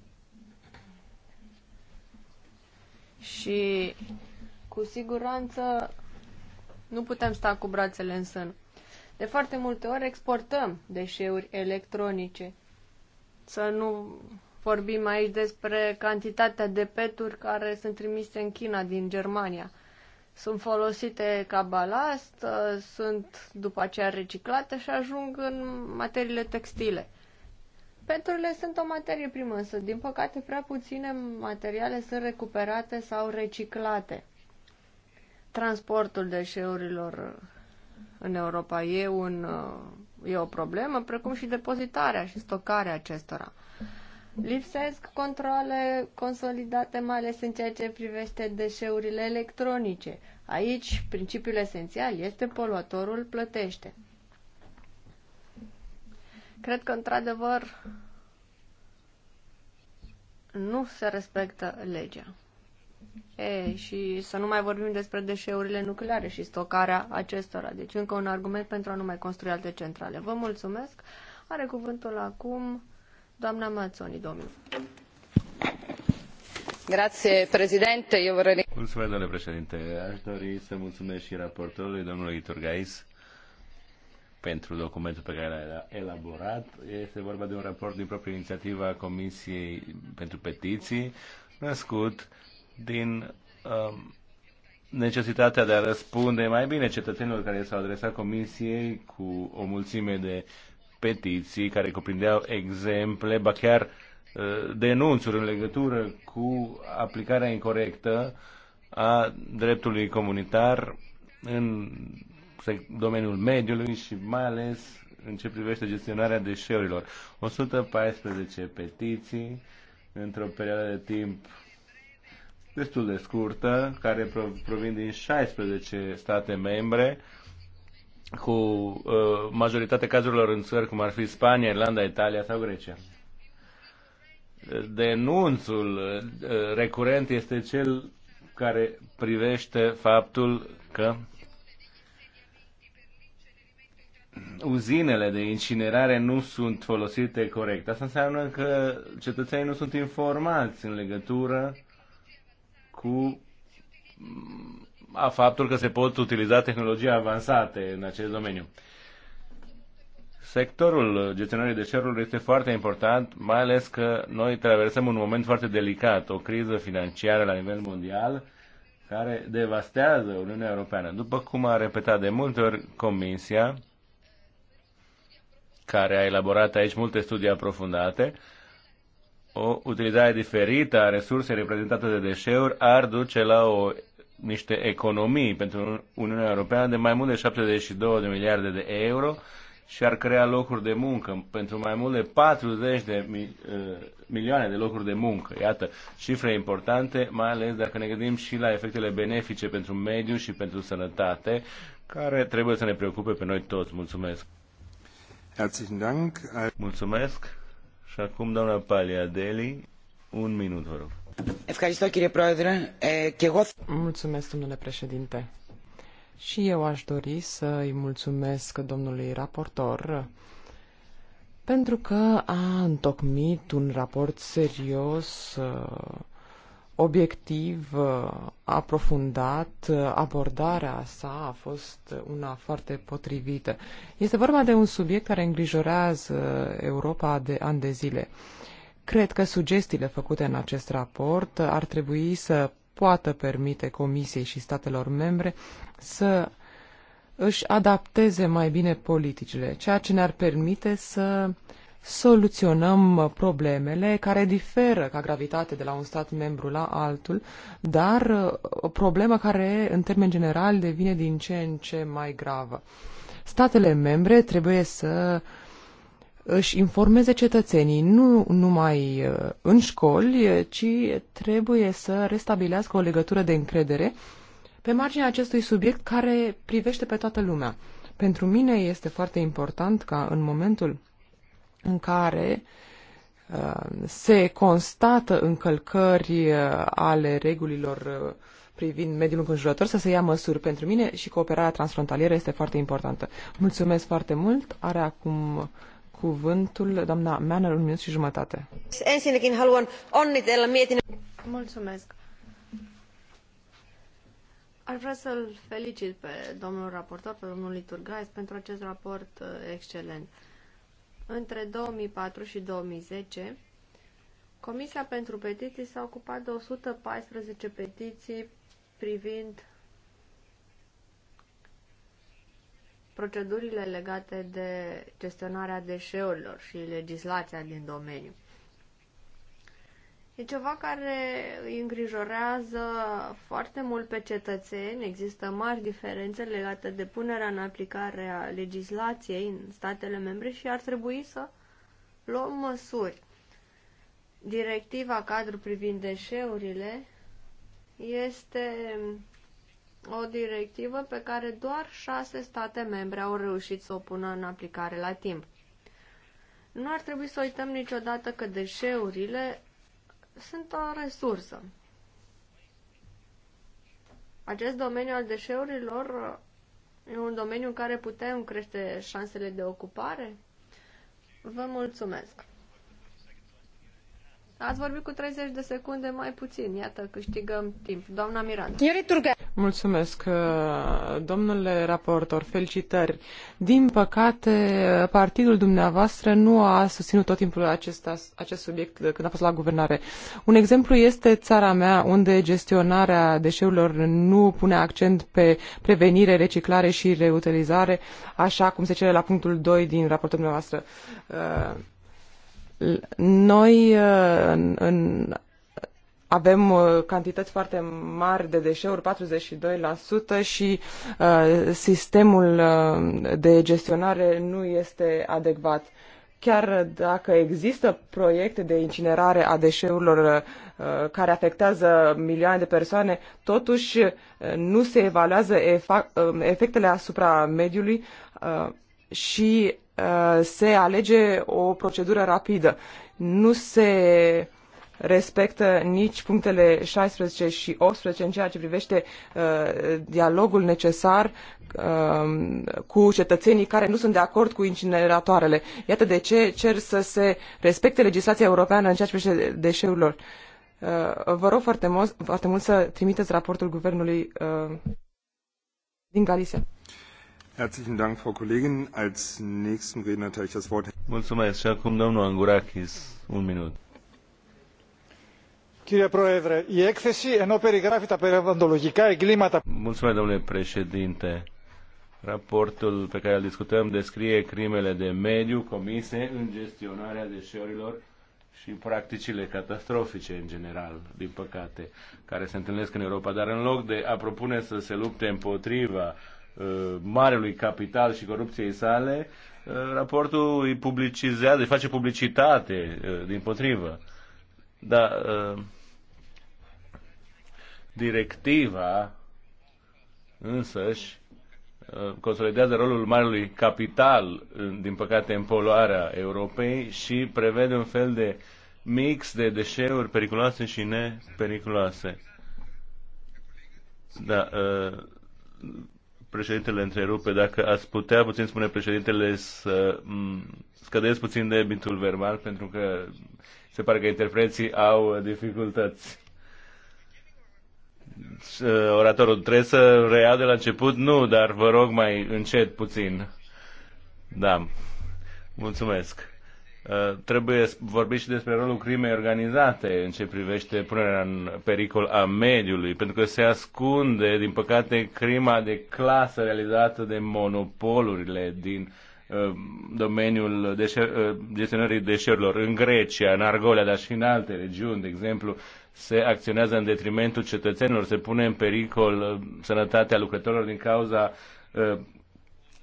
Și cu siguranță nu putem sta cu brațele în sân. De foarte multe ori exportăm deșeuri electronice. Să nu vorbim aici despre cantitatea de peturi care sunt trimise în China din Germania – sunt folosite ca balast, ă, sunt după aceea reciclate și ajung în materiile textile. Peturile sunt o materie primă, însă din păcate prea puține materiale sunt recuperate sau reciclate. Transportul deșeurilor în Europa e, un, ă, e o problemă, precum și depozitarea și stocarea acestora. Lipsesc controle consolidate, mai ales în ceea ce privește deșeurile electronice. Aici, principiul esențial este poluatorul plătește. Cred că, într-adevăr, nu se respectă legea. E, și să nu mai vorbim despre deșeurile nucleare și stocarea acestora. Deci încă un argument pentru a nu mai construi alte centrale. Vă mulțumesc. Are cuvântul acum Doamna domnule președinte. Aș dori să mulțumesc și raportorului, domnului iturgaiz pentru documentul pe care l-a elaborat. Este vorba de un raport din proprie inițiativă a Comisiei pentru Petiții, născut din um, necesitatea de a răspunde mai bine cetățenilor care s-au adresat Comisiei cu o mulțime de petiții care cuprindeau exemple, ba chiar uh, denunțuri în legătură cu aplicarea incorrectă a dreptului comunitar în domeniul mediului și mai ales în ce privește gestionarea deșeurilor. 114 petiții într-o perioadă de timp destul de scurtă, care provin din 16 state membre, cu uh, majoritatea cazurilor în țări cum ar fi Spania, Irlanda, Italia sau Grecia. Denunțul uh, recurent este cel care privește faptul că uzinele de incinerare nu sunt folosite corect. Asta înseamnă că cetățenii nu sunt informați în legătură cu a faptul că se pot utiliza tehnologii avansate în acest domeniu. Sectorul gestionării deșeurilor este foarte important, mai ales că noi traversăm un moment foarte delicat, o criză financiară la nivel mondial care devastează Uniunea Europeană. După cum a repetat de multe ori Comisia, care a elaborat aici multe studii aprofundate, o utilizare diferită a resurselor reprezentate de deșeuri ar duce la o niște economii pentru Uniunea Europeană de mai mult de 72 de miliarde de euro și ar crea locuri de muncă pentru mai mult de 40 de uh, milioane de locuri de muncă. Iată, cifre importante, mai ales dacă ne gândim și la efectele benefice pentru mediu și pentru sănătate, care trebuie să ne preocupe pe noi toți. Mulțumesc! Mulțumesc! Și acum, doamna Paliadeli, un minut, vă rog. Mulțumesc, domnule președinte. Și eu aș dori să îi mulțumesc domnului raportor pentru că a întocmit un raport serios, uh, obiectiv, uh, aprofundat, abordarea sa a fost una foarte potrivită. Este vorba de un subiect care îngrijorează Europa de ani de zile. Uh, Cred că sugestiile făcute în acest raport ar trebui să poată permite Comisiei și statelor membre să își adapteze mai bine politicile, ceea ce ne-ar permite să soluționăm problemele care diferă ca gravitate de la un stat membru la altul, dar o problemă care, în termen general, devine din ce în ce mai gravă. Statele membre trebuie să își informeze cetățenii nu numai uh, în școli, ci trebuie să restabilească o legătură de încredere pe marginea acestui subiect care privește pe toată lumea. Pentru mine este foarte important ca în momentul în care uh, se constată încălcări uh, ale regulilor privind mediul înconjurător să se ia măsuri pentru mine și cooperarea transfrontalieră este foarte importantă. Mulțumesc foarte mult. Are acum cuvântul doamna Manner, un minut și jumătate. Ensinnäkin haluan onnitella mietinnön. Mulțumesc. Aș vrea să-l felicit pe domnul raportor, pe domnul Liturgais, pentru acest raport uh, excelent. Între 2004 și 2010, Comisia pentru Petiții s-a ocupat de 114 petiții privind procedurile legate de gestionarea deșeurilor și legislația din domeniu. E ceva care îi îngrijorează foarte mult pe cetățeni. Există mari diferențe legate de punerea în aplicare a legislației în statele membre și ar trebui să luăm măsuri. Directiva cadru privind deșeurile este o directivă pe care doar șase state membre au reușit să o pună în aplicare la timp. Nu ar trebui să uităm niciodată că deșeurile sunt o resursă. Acest domeniu al deșeurilor e un domeniu în care putem crește șansele de ocupare? Vă mulțumesc! Ați vorbit cu 30 de secunde mai puțin. Iată, câștigăm timp. Doamna Miranda. Mulțumesc, uh, domnule raportor, felicitări. Din păcate, partidul dumneavoastră nu a susținut tot timpul acest, acest subiect când a fost la guvernare. Un exemplu este țara mea, unde gestionarea deșeurilor nu pune accent pe prevenire, reciclare și reutilizare, așa cum se cere la punctul 2 din raportul dumneavoastră. Uh, noi, uh, în, în avem uh, cantități foarte mari de deșeuri, 42% și uh, sistemul uh, de gestionare nu este adecvat chiar dacă există proiecte de incinerare a deșeurilor care afectează milioane de persoane, totuși nu se evaluează efectele asupra mediului și se alege o procedură rapidă. Nu se respectă nici punctele 16 și 18 în ceea ce privește uh, dialogul necesar uh, cu cetățenii care nu sunt de acord cu incineratoarele. Iată de ce cer să se respecte legislația europeană în ceea ce privește deșeurilor. Uh, vă rog foarte, mo- foarte mult să trimiteți raportul guvernului uh, din Galicia. Herzlichen Dank, Frau Kollegin. Als nächsten Redner teile ich das Wort. Mulțumesc. Și acum domnul Angurakis, un minut. Mulțumesc, domnule președinte. Raportul pe care îl discutăm descrie crimele de mediu comise în gestionarea deșeurilor și practicile catastrofice în general, din păcate, care se întâlnesc în Europa. Dar în loc de a propune să se lupte împotriva uh, marelui capital și corupției sale, uh, raportul îi publicizează, îi face publicitate uh, din potrivă. Uh, da, ă, directiva însăși ă, consolidează rolul marelui capital, din păcate, în poluarea Europei și prevede un fel de mix de deșeuri periculoase și nepericuloase. Da, ă, președintele întrerupe, dacă ați putea puțin spune președintele să scădeți puțin debitul verbal, pentru că se pare că interpreții au dificultăți. Uh, oratorul trebuie să reia de la început? Nu, dar vă rog mai încet puțin. Da. Mulțumesc. Uh, trebuie vorbit și despre rolul crimei organizate în ce privește punerea în pericol a mediului, pentru că se ascunde, din păcate, crima de clasă realizată de monopolurile din Uh, domeniul deșer, uh, gestionării deșeurilor în Grecia, în Argolia, dar și în alte regiuni, de exemplu, se acționează în detrimentul cetățenilor, se pune în pericol uh, sănătatea lucrătorilor din cauza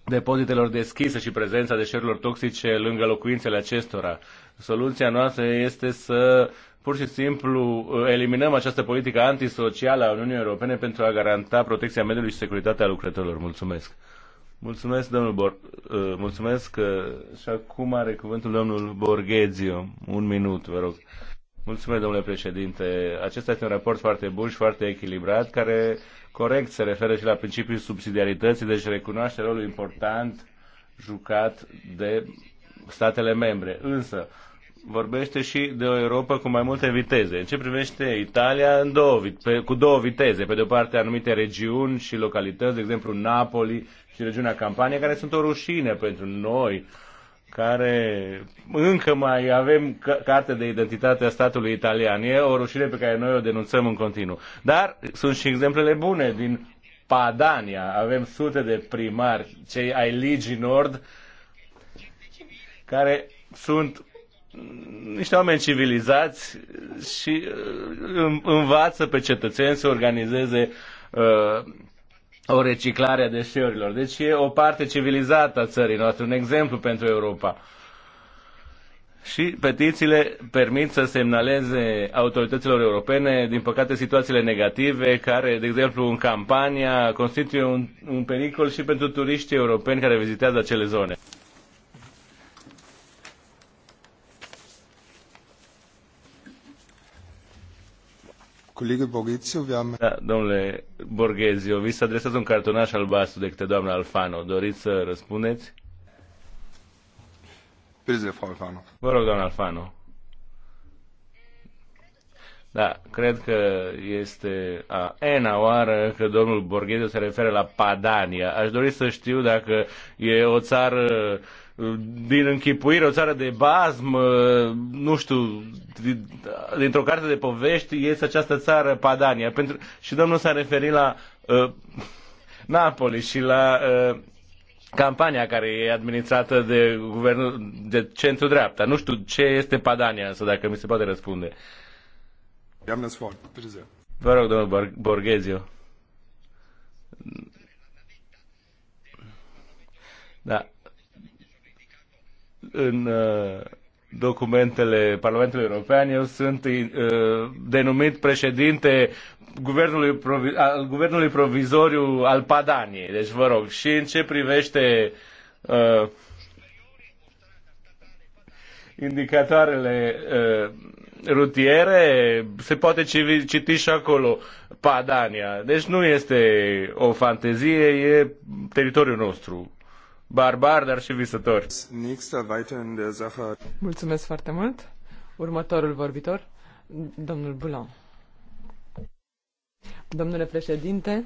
depozitelor deschise și prezența deșeurilor toxice lângă locuințele acestora. Soluția noastră este să pur și simplu eliminăm această politică antisocială a Uniunii Europene pentru a garanta protecția mediului și securitatea lucrătorilor. Mulțumesc! Mulțumesc, domnul Bor... Uh, mulțumesc că uh, și acum are cuvântul domnul Borghezio. Un minut, vă rog. Mulțumesc, domnule președinte. Acesta este un raport foarte bun și foarte echilibrat, care corect se referă și la principiul subsidiarității, deci recunoaște rolul important jucat de statele membre. Însă, vorbește și de o Europa cu mai multe viteze. În ce privește Italia, în două, cu două viteze. Pe de o parte, anumite regiuni și localități, de exemplu Napoli, și regiunea Campania, care sunt o rușine pentru noi, care încă mai avem carte de identitate a statului italian. E o rușine pe care noi o denunțăm în continuu. Dar sunt și exemplele bune din Padania. Avem sute de primari, cei ai Ligii Nord, care sunt niște oameni civilizați și uh, învață pe cetățeni să organizeze uh, o reciclare a deșeurilor. Deci e o parte civilizată a țării noastre, un exemplu pentru Europa. Și petițiile permit să semnaleze autorităților europene, din păcate, situațiile negative, care, de exemplu, în campania, constituie un, un pericol și pentru turiștii europeni care vizitează acele zone. Colegul vi-am... Da, domnule Borghezio, vi s-a adresat un cartonaș albastru de către doamna Alfano. Doriți să răspundeți? Prize, Frau Alfano. Vă rog, doamna Alfano. Da, cred că este a ena oară că domnul Borghezio se referă la Padania. Aș dori să știu dacă e o țară din închipuire, o țară de bazm, uh, nu știu, dintr-o carte de povești, este această țară, Padania. Pentru... Și domnul s-a referit la uh, Napoli și la uh, campania care e administrată de guvernul de centru-dreapta. Nu știu ce este Padania, însă dacă mi se poate răspunde. Am târziu. Vă rog, domnul Borghezio. Da, în uh, documentele Parlamentului European, eu sunt uh, denumit președinte guvernului, al guvernului provizoriu al Padaniei. Deci vă rog, și în ce privește uh, indicatoarele uh, rutiere, se poate citi și acolo Padania. Deci nu este o fantezie, e teritoriul nostru barbar, dar și visător. Mulțumesc foarte mult. Următorul vorbitor, domnul Bulan. Domnule președinte,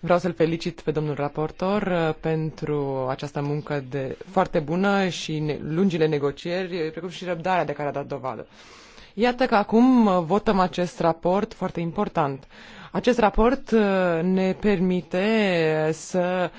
vreau să-l felicit pe domnul raportor uh, pentru această muncă de foarte bună și lungile negocieri, precum și răbdarea de care a dat dovadă. Iată că acum uh, votăm acest raport foarte important. Acest raport uh, ne permite să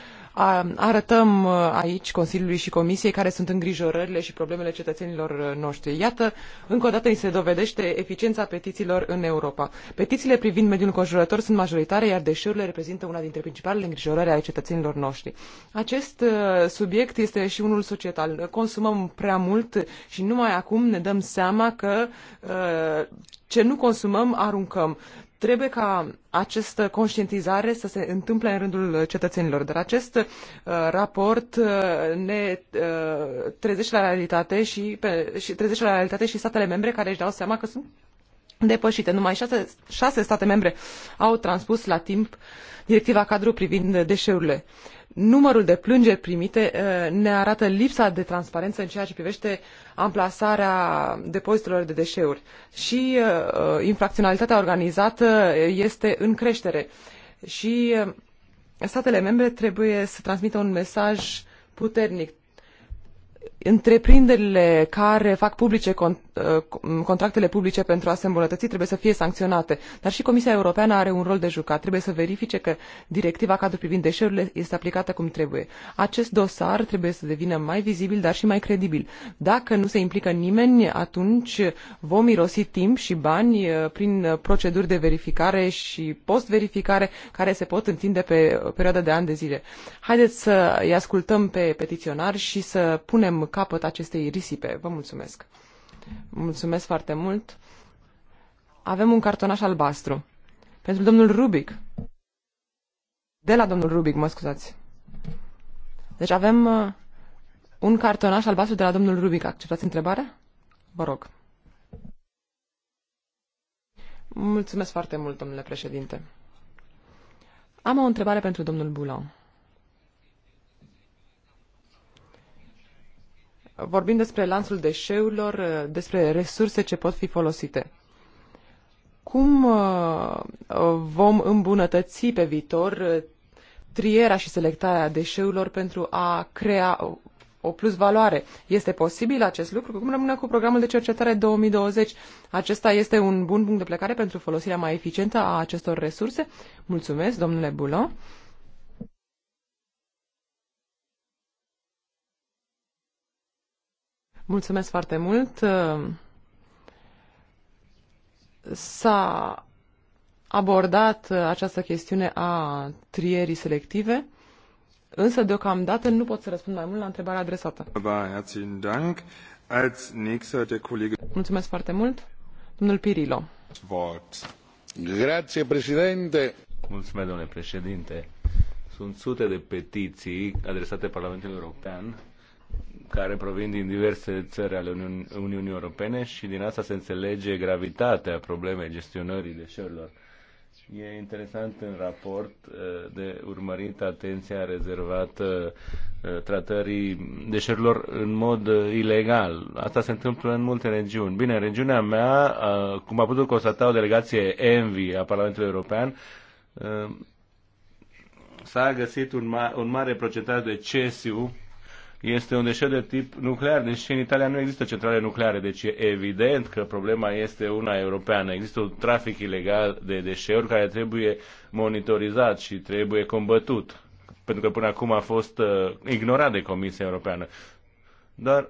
arătăm uh, aici Consiliului și Comisiei care sunt îngrijorările și problemele cetățenilor uh, noștri. Iată, încă o dată ni se dovedește eficiența petițiilor în Europa. Petițiile privind mediul înconjurător sunt majoritare, iar deșeurile reprezintă una dintre principalele îngrijorări ale cetățenilor noștri. Acest uh, subiect este și unul societal. Consumăm prea mult și numai acum ne dăm seama că ce nu consumăm, aruncăm. Trebuie ca această conștientizare să se întâmple în rândul cetățenilor, dar acest uh, raport uh, ne uh, trezește la realitate și, pe, și trezește la realitate și statele membre care își dau seama că sunt depășite. Numai șase, șase state membre au transpus la timp directiva cadru privind deșeurile. Uh, numărul de plângeri primite uh, ne arată lipsa de transparență în ceea ce privește amplasarea depozitelor de deșeuri și uh, uh, infracționalitatea organizată este în creștere și statele membre trebuie să transmită un mesaj puternic întreprinderile care fac publice con, uh, contractele publice pentru a se îmbunătăți trebuie să fie sancționate. Dar și Comisia Europeană are un rol de jucat. Trebuie să verifice că directiva cadru privind deșeurile este aplicată cum trebuie. Acest dosar trebuie să devină mai vizibil, dar și mai credibil. Dacă nu se implică nimeni, atunci vom irosi timp și bani uh, prin proceduri de verificare și post-verificare care se pot întinde pe o uh, perioadă de ani de zile. Haideți să îi ascultăm pe petiționari și să punem capăt acestei risipe. Vă mulțumesc. Mulțumesc foarte mult. Avem un cartonaș albastru. Pentru domnul Rubic. De la domnul Rubic, mă scuzați. Deci avem uh, un cartonaș albastru de la domnul Rubic. Acceptați întrebarea? Vă rog. Mulțumesc foarte mult, domnule președinte. Am o întrebare pentru domnul Boulan. vorbim despre lanțul deșeurilor, uh, despre resurse ce pot fi folosite. Cum uh, vom îmbunătăți pe viitor uh, triera și selectarea deșeurilor pentru a crea o plus valoare. Este posibil acest lucru? Cum rămâne cu programul de cercetare 2020? Acesta este un bun punct de plecare pentru folosirea mai eficientă a acestor resurse. Mulțumesc, domnule Bulon. Mulțumesc foarte mult. S-a abordat această chestiune a trierii selective, însă deocamdată nu pot să răspund mai mult la întrebarea adresată. Mulțumesc foarte mult. Domnul Pirilo. Grazie, președinte. Mulțumesc, domnule președinte. Sunt sute de petiții adresate Parlamentului European care provin din diverse țări ale Uniunii Europene și din asta se înțelege gravitatea problemei gestionării deșeurilor. E interesant în raport uh, de urmărit atenția rezervată uh, tratării deșeurilor în mod uh, ilegal. Asta se întâmplă în multe regiuni. Bine, în regiunea mea, cum a putut constata o delegație ENVI a Parlamentului European, s-a găsit un, ma- un mare procentaj de cesiu este un deșeu de tip nuclear, deși deci în Italia nu există centrale nucleare, deci e evident că problema este una europeană. Există un trafic ilegal de deșeuri care trebuie monitorizat și trebuie combătut, pentru că până acum a fost uh, ignorat de Comisia Europeană. Dar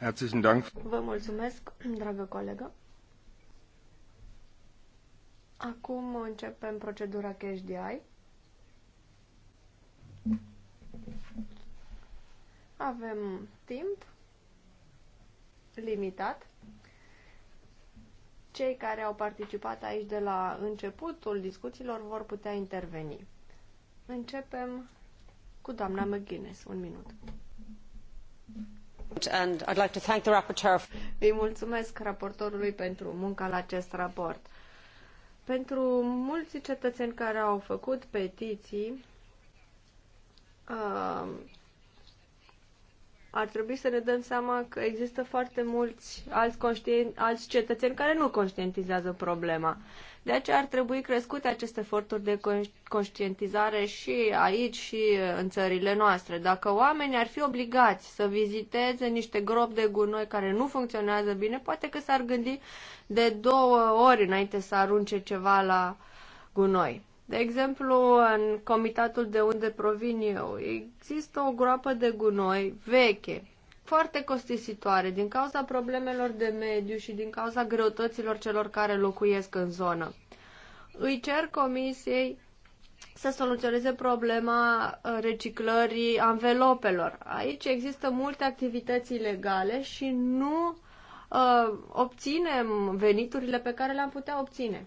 Herzlichen Dank. Vă mulțumesc, dragă colegă. Acum începem procedura cash DI. Avem timp limitat. Cei care au participat aici de la începutul discuțiilor vor putea interveni. Începem cu doamna McGuinness. Un minut. Îi mulțumesc raportorului pentru munca la acest raport. Pentru mulți cetățeni care au făcut petiții, uh, ar trebui să ne dăm seama că există foarte mulți alți, alți cetățeni care nu conștientizează problema. De aceea ar trebui crescute aceste eforturi de conștientizare și aici și în țările noastre. Dacă oamenii ar fi obligați să viziteze niște gropi de gunoi care nu funcționează bine, poate că s-ar gândi de două ori înainte să arunce ceva la gunoi. De exemplu, în comitatul de unde provin eu, există o groapă de gunoi veche, foarte costisitoare, din cauza problemelor de mediu și din cauza greutăților celor care locuiesc în zonă. Îi cer comisiei să soluționeze problema uh, reciclării anvelopelor. Aici există multe activități ilegale și nu uh, obținem veniturile pe care le-am putea obține.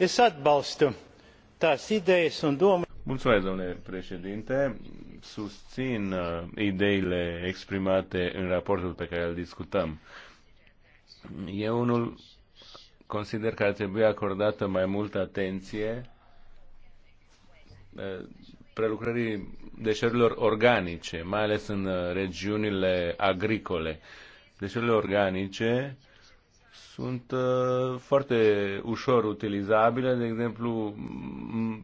Es atbalstu tās idejas un domas. Mulțumesc, domnule președinte. Susțin uh, ideile exprimate în raportul pe care îl discutăm. Eu unul consider că ar trebui acordată mai multă atenție uh, prelucrării deșeurilor organice, mai ales în uh, regiunile agricole. Deșeurile organice uh, sunt uh, foarte ușor utilizabile, de exemplu,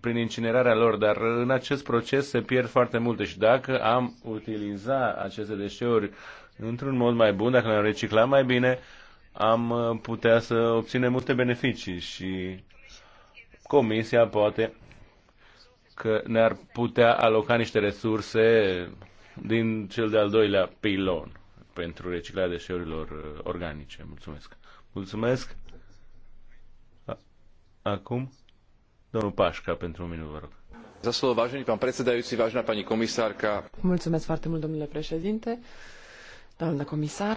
prin incinerarea lor, dar în acest proces se pierd foarte multe și dacă am utiliza aceste deșeuri într-un mod mai bun, dacă le-am reciclat mai bine, am uh, putea să obținem multe beneficii și comisia poate că ne-ar putea aloca niște resurse din cel de-al doilea pilon pentru reciclarea deșeurilor uh, organice. Mulțumesc! Mulțumesc. Acum, domnul Pașca, pentru un minut, vă rog. Za slovo, vážený pán predsedajúci, vážená pani komisárka. Mulțumesc foarte mult, domnule președinte, doamnă comisar.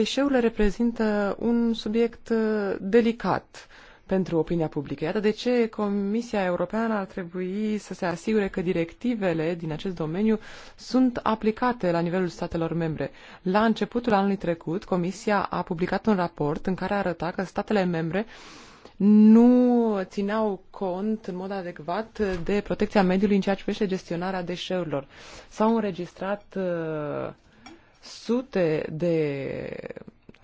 Deșeurile reprezintă un subiect uh, delicat pentru opinia publică. Iată de ce Comisia Europeană ar trebui să se asigure că directivele din acest domeniu sunt aplicate la nivelul statelor membre. La începutul anului trecut, Comisia a publicat un raport în care arăta că statele membre nu țineau cont în mod adecvat de protecția mediului în ceea ce privește gestionarea deșeurilor. S-au înregistrat uh, sute de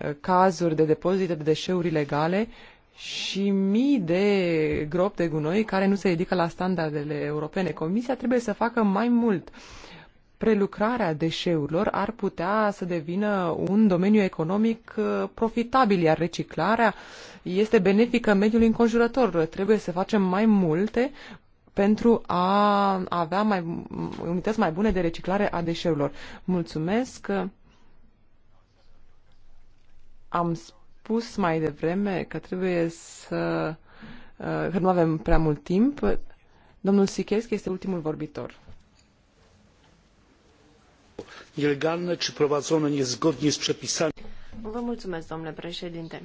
uh, cazuri de depozite de deșeuri ilegale și mii de gropi de gunoi care nu se ridică la standardele europene. Comisia trebuie să facă mai mult. Prelucrarea deșeurilor ar putea să devină un domeniu economic uh, profitabil, iar reciclarea este benefică mediului înconjurător. Trebuie să facem mai multe pentru a avea mai, unități mai bune de reciclare a deșeurilor. Mulțumesc! Am spus spus mai devreme că trebuie să... Uh, că nu avem prea mult timp. Domnul Sichescu este ultimul vorbitor. Nielegalne czy prowadzone niezgodnie z przepisami. Vă mulțumesc, domnule președinte.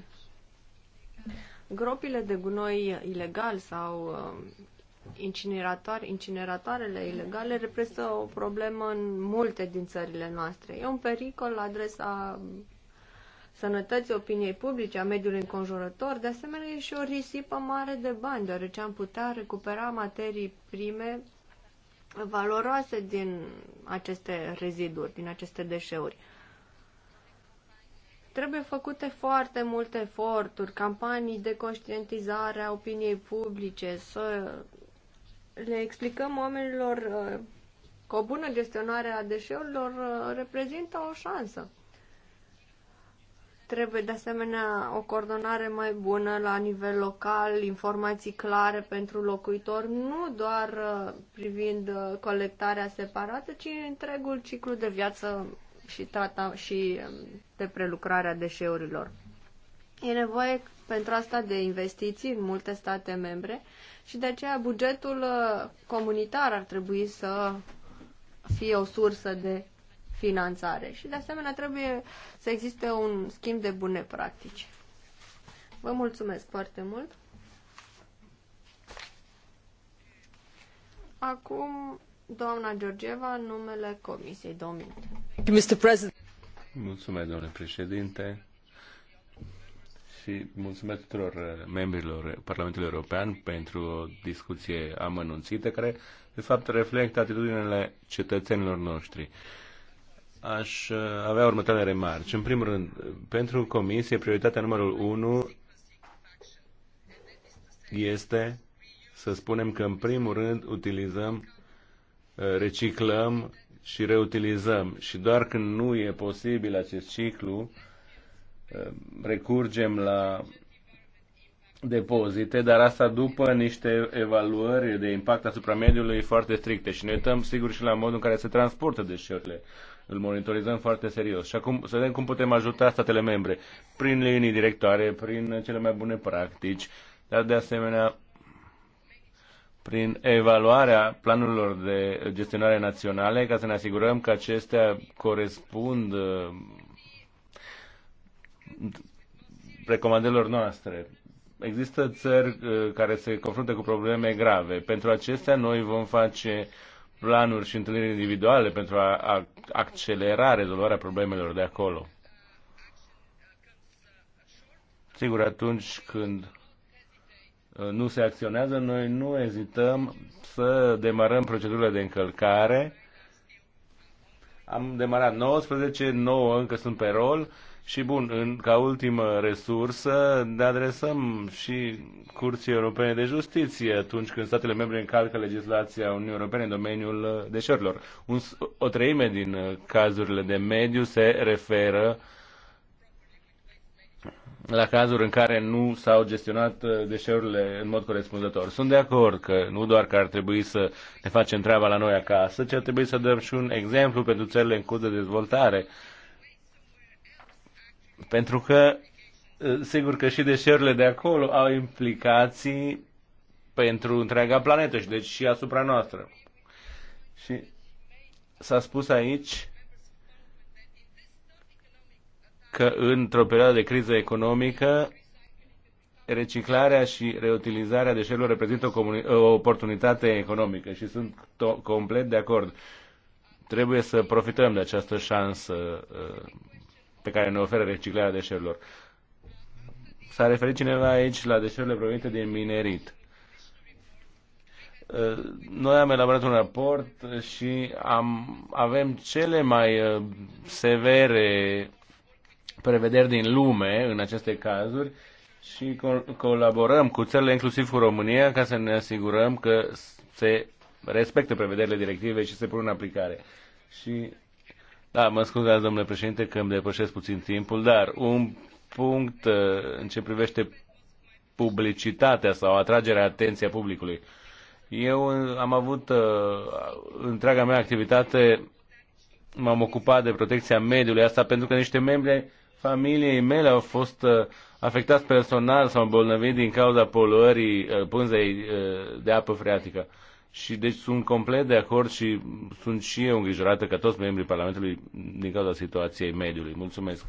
Gropile de gunoi ilegal sau uh, incineratoare, incineratoarele ilegale reprezintă o problemă în multe din țările noastre. E un pericol la adresa sănătății opiniei publice, a mediului înconjurător, de asemenea e și o risipă mare de bani, deoarece am putea recupera materii prime valoroase din aceste reziduri, din aceste deșeuri. Trebuie făcute foarte multe eforturi, campanii de conștientizare a opiniei publice, să le explicăm oamenilor uh, că o bună gestionare a deșeurilor uh, reprezintă o șansă. Trebuie de asemenea o coordonare mai bună la nivel local, informații clare pentru locuitori, nu doar uh, privind uh, colectarea separată, ci întregul ciclu de viață și, trata- și um, de prelucrarea deșeurilor. E nevoie pentru asta de investiții în multe state membre și de aceea bugetul uh, comunitar ar trebui să fie o sursă de finanțare și de asemenea trebuie să existe un schimb de bune practici. Vă mulțumesc foarte mult! Acum, doamna Georgieva, numele Comisiei, Domnului. Mr. President. Mulțumesc, domnule președinte, și mulțumesc tuturor eh, membrilor Parlamentului European pentru o discuție amănunțită care, de fapt, reflectă atitudinile cetățenilor noștri aș uh, avea următoarele remarci. În primul rând, pentru comisie, prioritatea numărul 1 este să spunem că, în primul rând, utilizăm, uh, reciclăm și reutilizăm. Și doar când nu e posibil acest ciclu, uh, recurgem la depozite, dar asta după niște evaluări de impact asupra mediului foarte stricte și ne uităm sigur și la modul în care se transportă deșeurile îl monitorizăm foarte serios. Și acum să vedem cum putem ajuta statele membre prin linii directoare, prin cele mai bune practici, dar de asemenea prin evaluarea planurilor de gestionare naționale ca să ne asigurăm că acestea corespund uh, recomandărilor noastre. Există țări uh, care se confruntă cu probleme grave. Pentru acestea noi vom face uh, planuri și întâlniri individuale pentru a accelera rezolvarea problemelor de acolo. Sigur, atunci când uh, nu se acționează, noi nu ezităm să demarăm procedurile de încălcare. Am demarat 19, 9 încă sunt pe rol și bun, în, ca ultimă resursă ne adresăm și Curții Europene de Justiție atunci când statele membre încalcă legislația Uniunii Europene în domeniul deșeurilor. Un, o treime din cazurile de mediu se referă la cazuri în care nu s-au gestionat deșeurile în mod corespunzător. Sunt de acord că nu doar că ar trebui să ne facem treaba la noi acasă, ci ar trebui să dăm și un exemplu pentru țările în curs de dezvoltare pentru că, sigur că și deșeurile de acolo au implicații pentru întreaga planetă și deci și asupra noastră. Și s-a spus aici că într-o perioadă de criză economică reciclarea și reutilizarea deșeurilor reprezintă o, o oportunitate economică și sunt complet de acord. Trebuie să profităm de această șansă uh, pe care ne oferă reciclarea deșeurilor. S-a referit cineva aici la deșeurile provenite din minerit. Uh, noi am elaborat un raport și am, avem cele mai uh, severe prevederi din lume în aceste cazuri și co- colaborăm cu țările, inclusiv cu România, ca să ne asigurăm că se respectă prevederile directive și se pun în aplicare. Și da, mă scuzați, domnule președinte, că îmi depășesc puțin timpul, dar un punct uh, în ce privește publicitatea sau atragerea atenției publicului. Eu uh, am avut uh, întreaga mea activitate, m-am ocupat de protecția mediului, asta pentru că niște membri familiei mele au fost afectați personal sau îmbolnăviți din cauza poluării pânzei de apă freatică. Și deci sunt complet de acord și sunt și eu îngrijorată ca toți membrii Parlamentului din cauza situației mediului. Mulțumesc,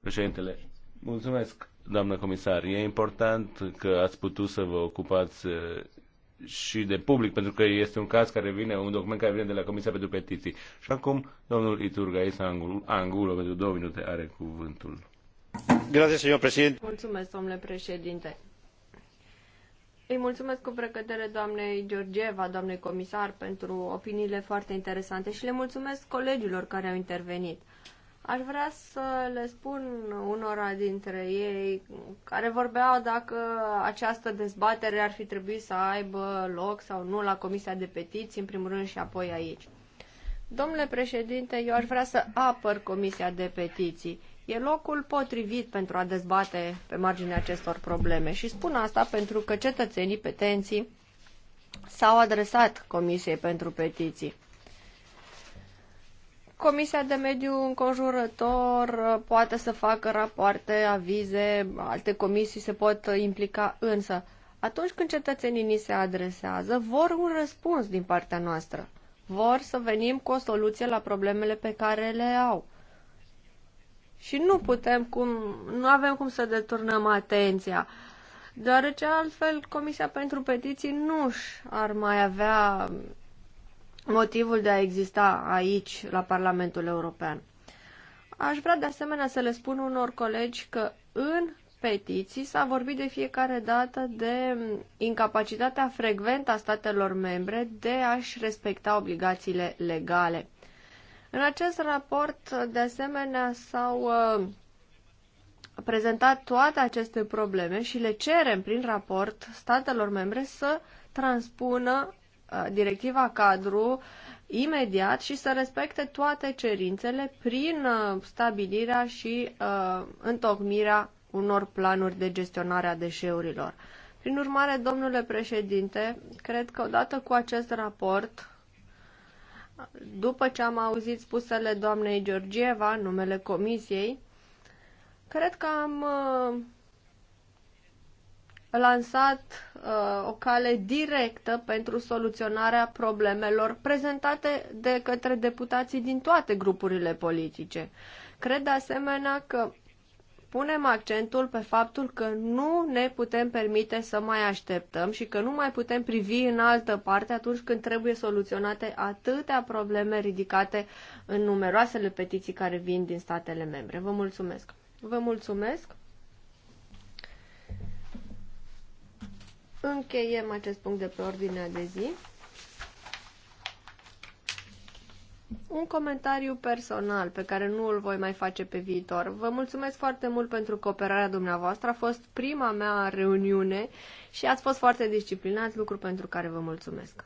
președintele. Mulțumesc, doamnă comisar. E important că ați putut să vă ocupați și de public, pentru că este un caz care vine, un document care vine de la Comisia pentru Petiții. Și acum, domnul Iturgais Angulo, Angulo pentru două minute, are cuvântul. Grazie, Mulțumesc, domnule președinte îi mulțumesc cu precădere doamnei Georgieva, doamnei comisar, pentru opiniile foarte interesante și le mulțumesc colegilor care au intervenit. Aș vrea să le spun unora dintre ei care vorbeau dacă această dezbatere ar fi trebuit să aibă loc sau nu la Comisia de Petiții, în primul rând și apoi aici. Domnule președinte, eu aș vrea să apăr Comisia de Petiții. E locul potrivit pentru a dezbate pe marginea acestor probleme și spun asta pentru că cetățenii petenții s-au adresat Comisiei pentru Petiții. Comisia de Mediu Înconjurător poate să facă rapoarte, avize, alte comisii se pot implica, însă atunci când cetățenii ni se adresează, vor un răspuns din partea noastră. Vor să venim cu o soluție la problemele pe care le au. Și nu putem cum, nu avem cum să deturnăm atenția, deoarece altfel Comisia pentru Petiții nu ar mai avea motivul de a exista aici, la Parlamentul European. Aș vrea de asemenea să le spun unor colegi că în petiții s-a vorbit de fiecare dată de incapacitatea frecventă a statelor membre de a-și respecta obligațiile legale. În acest raport, de asemenea, s-au uh, prezentat toate aceste probleme și le cerem prin raport statelor membre să transpună uh, directiva cadru imediat și să respecte toate cerințele prin uh, stabilirea și uh, întocmirea unor planuri de gestionare a deșeurilor. Prin urmare, domnule președinte, cred că odată cu acest raport după ce am auzit spusele doamnei Georgieva, numele comisiei, cred că am uh, lansat uh, o cale directă pentru soluționarea problemelor prezentate de către deputații din toate grupurile politice. Cred de asemenea că punem accentul pe faptul că nu ne putem permite să mai așteptăm și că nu mai putem privi în altă parte atunci când trebuie soluționate atâtea probleme ridicate în numeroasele petiții care vin din statele membre. Vă mulțumesc! Vă mulțumesc! Încheiem acest punct de pe ordinea de zi. Un comentariu personal pe care nu îl voi mai face pe viitor. Vă mulțumesc foarte mult pentru cooperarea dumneavoastră. A fost prima mea reuniune și ați fost foarte disciplinați, lucru pentru care vă mulțumesc.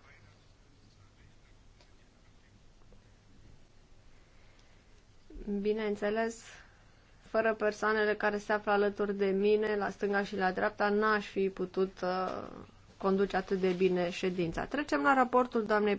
Bineînțeles, fără persoanele care se află alături de mine, la stânga și la dreapta, n-aș fi putut uh, conduce atât de bine ședința. Trecem la raportul doamnei